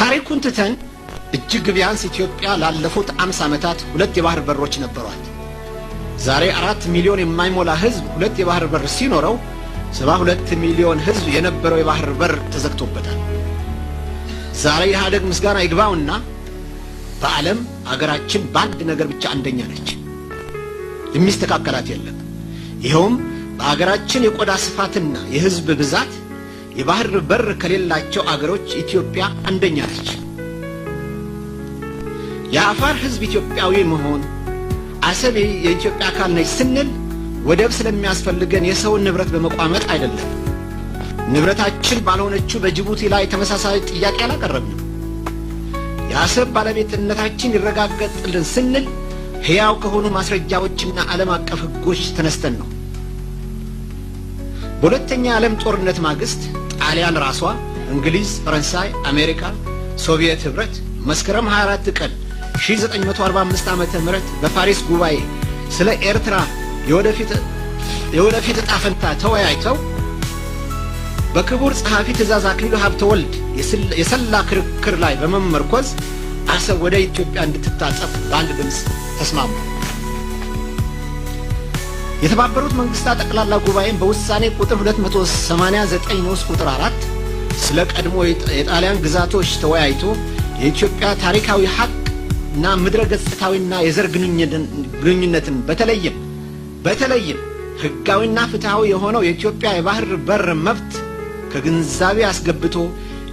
ታሪኩን ትተን እጅግ ቢያንስ ኢትዮጵያ ላለፉት አምስት ዓመታት ሁለት የባህር በሮች ነበሯት። ዛሬ አራት ሚሊዮን የማይሞላ ህዝብ ሁለት የባህር በር ሲኖረው ሰባ ሁለት ሚሊዮን ህዝብ የነበረው የባህር በር ተዘግቶበታል። ዛሬ ኢህአደግ ምስጋና ይግባውና በዓለም አገራችን በአንድ ነገር ብቻ አንደኛ ነች፣ የሚስተካከላት የለም። ይኸውም በአገራችን የቆዳ ስፋትና የህዝብ ብዛት የባህር በር ከሌላቸው አገሮች ኢትዮጵያ አንደኛ ነች። የአፋር ሕዝብ ኢትዮጵያዊ መሆን አሰብ የኢትዮጵያ አካል ነች ስንል ወደብ ስለሚያስፈልገን የሰውን ንብረት በመቋመጥ አይደለም። ንብረታችን ባልሆነችው በጅቡቲ ላይ ተመሳሳይ ጥያቄ አላቀረብንም። የአሰብ ባለቤትነታችን ይረጋገጥልን ስንል ሕያው ከሆኑ ማስረጃዎችና ዓለም አቀፍ ሕጎች ተነስተን ነው። በሁለተኛ የዓለም ጦርነት ማግስት ጣሊያን ራሷ፣ እንግሊዝ፣ ፈረንሳይ፣ አሜሪካ፣ ሶቪየት ህብረት መስከረም 24 ቀን 1945 ዓ ም በፓሪስ ጉባኤ ስለ ኤርትራ የወደፊት የወደፊት ዕጣ ፈንታ ተወያይተው በክቡር ጸሐፊ ትእዛዝ አክሊሉ ሀብተ ወልድ የሰላ ክርክር ላይ በመመርኮዝ አሰብ ወደ ኢትዮጵያ እንድትታጸፍ በአንድ ድምፅ ተስማሙ። የተባበሩት መንግስታት ጠቅላላ ጉባኤን በውሳኔ ቁጥር 289 ንዑስ ቁጥር 4 ስለ ቀድሞ የጣሊያን ግዛቶች ተወያይቶ የኢትዮጵያ ታሪካዊ ሀቅ እና ምድረ ገጽታዊና የዘር ግንኙነትን በተለይም በተለይም ህጋዊና ፍትሐዊ የሆነው የኢትዮጵያ የባህር በር መብት ከግንዛቤ አስገብቶ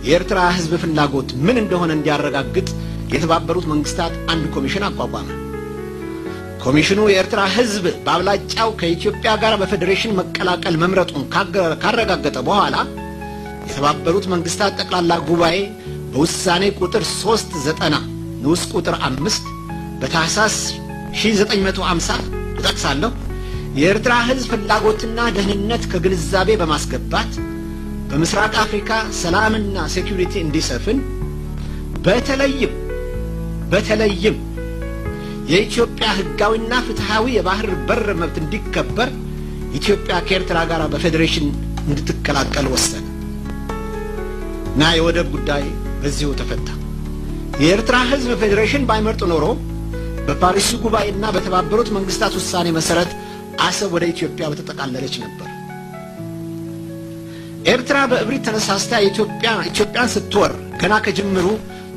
የኤርትራ ህዝብ ፍላጎት ምን እንደሆነ እንዲያረጋግጥ የተባበሩት መንግስታት አንድ ኮሚሽን አቋቋመ። ኮሚሽኑ የኤርትራ ህዝብ በአብላጫው ከኢትዮጵያ ጋር በፌዴሬሽን መቀላቀል መምረጡን ካረጋገጠ በኋላ የተባበሩት መንግስታት ጠቅላላ ጉባኤ በውሳኔ ቁጥር 390 ንዑስ ቁጥር 5 በታህሳስ 950 እጠቅሳለሁ የኤርትራ ህዝብ ፍላጎትና ደህንነት ከግንዛቤ በማስገባት በምስራቅ አፍሪካ ሰላምና ሴኩሪቲ እንዲሰፍን በተለይም በተለይም የኢትዮጵያ ሕጋዊና ፍትሐዊ የባህር በር መብት እንዲከበር ኢትዮጵያ ከኤርትራ ጋር በፌዴሬሽን እንድትቀላቀል ወሰነ እና የወደብ ጉዳይ በዚሁ ተፈታ። የኤርትራ ሕዝብ ፌዴሬሽን ባይመርጥ ኖሮ በፓሪሱ ጉባኤና በተባበሩት መንግስታት ውሳኔ መሰረት አሰብ ወደ ኢትዮጵያ በተጠቃለለች ነበር። ኤርትራ በእብሪት ተነሳስታ ኢትዮጵያን ስትወር ገና ከጅምሩ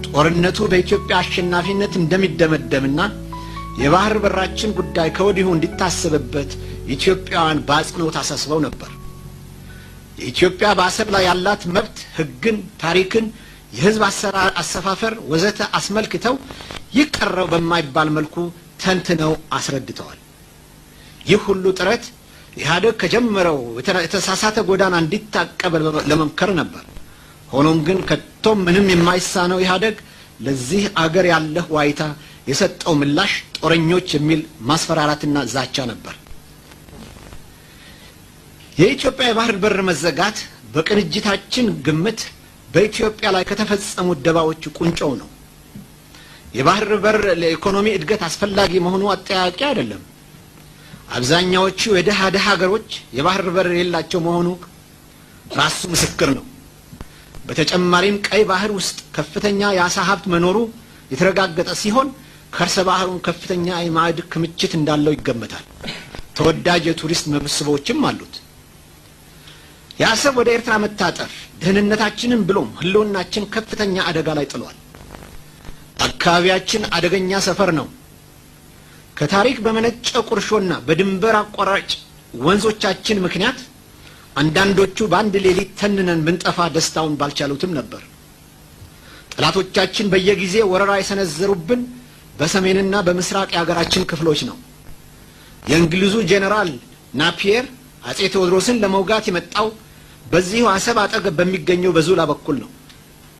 ጦርነቱ በኢትዮጵያ አሸናፊነት እንደሚደመደምና የባህር በራችን ጉዳይ ከወዲሁ እንዲታሰብበት ኢትዮጵያውያን በአጽንኦት አሳስበው ነበር። የኢትዮጵያ በአሰብ ላይ ያላት መብት ሕግን፣ ታሪክን፣ የህዝብ አሰፋፈር ወዘተ አስመልክተው ይቀረው በማይባል መልኩ ተንትነው አስረድተዋል። ይህ ሁሉ ጥረት ኢህአደግ ከጀመረው የተሳሳተ ጎዳና እንዲታቀብ ለመምከር ነበር። ሆኖም ግን ከቶም ምንም የማይሳነው ኢህአደግ ለዚህ አገር ያለህ ዋይታ የሰጠው ምላሽ ጦረኞች የሚል ማስፈራራትና ዛቻ ነበር። የኢትዮጵያ የባህር በር መዘጋት በቅንጅታችን ግምት በኢትዮጵያ ላይ ከተፈጸሙት ደባዎች ቁንጮው ነው። የባህር በር ለኢኮኖሚ እድገት አስፈላጊ መሆኑ አጠያቂ አይደለም። አብዛኛዎቹ የደሃ ደሃ ሀገሮች የባህር በር የሌላቸው መሆኑ ራሱ ምስክር ነው። በተጨማሪም ቀይ ባህር ውስጥ ከፍተኛ የአሳ ሀብት መኖሩ የተረጋገጠ ሲሆን ከርሰ ባህሩን ከፍተኛ የማዕድ ክምችት እንዳለው ይገመታል። ተወዳጅ የቱሪስት መብስቦችም አሉት። የአሰብ ወደ ኤርትራ መታጠፍ ደህንነታችንን ብሎም ህልውናችን ከፍተኛ አደጋ ላይ ጥሏል። አካባቢያችን አደገኛ ሰፈር ነው። ከታሪክ በመነጨ ቁርሾና በድንበር አቋራጭ ወንዞቻችን ምክንያት አንዳንዶቹ በአንድ ሌሊት ተንነን ብንጠፋ ደስታውን ባልቻሉትም ነበር። ጠላቶቻችን በየጊዜ ወረራ የሰነዘሩብን በሰሜንና በምስራቅ የሀገራችን ክፍሎች ነው። የእንግሊዙ ጄኔራል ናፒየር አጼ ቴዎድሮስን ለመውጋት የመጣው በዚሁ አሰብ አጠገብ በሚገኘው በዙላ በኩል ነው።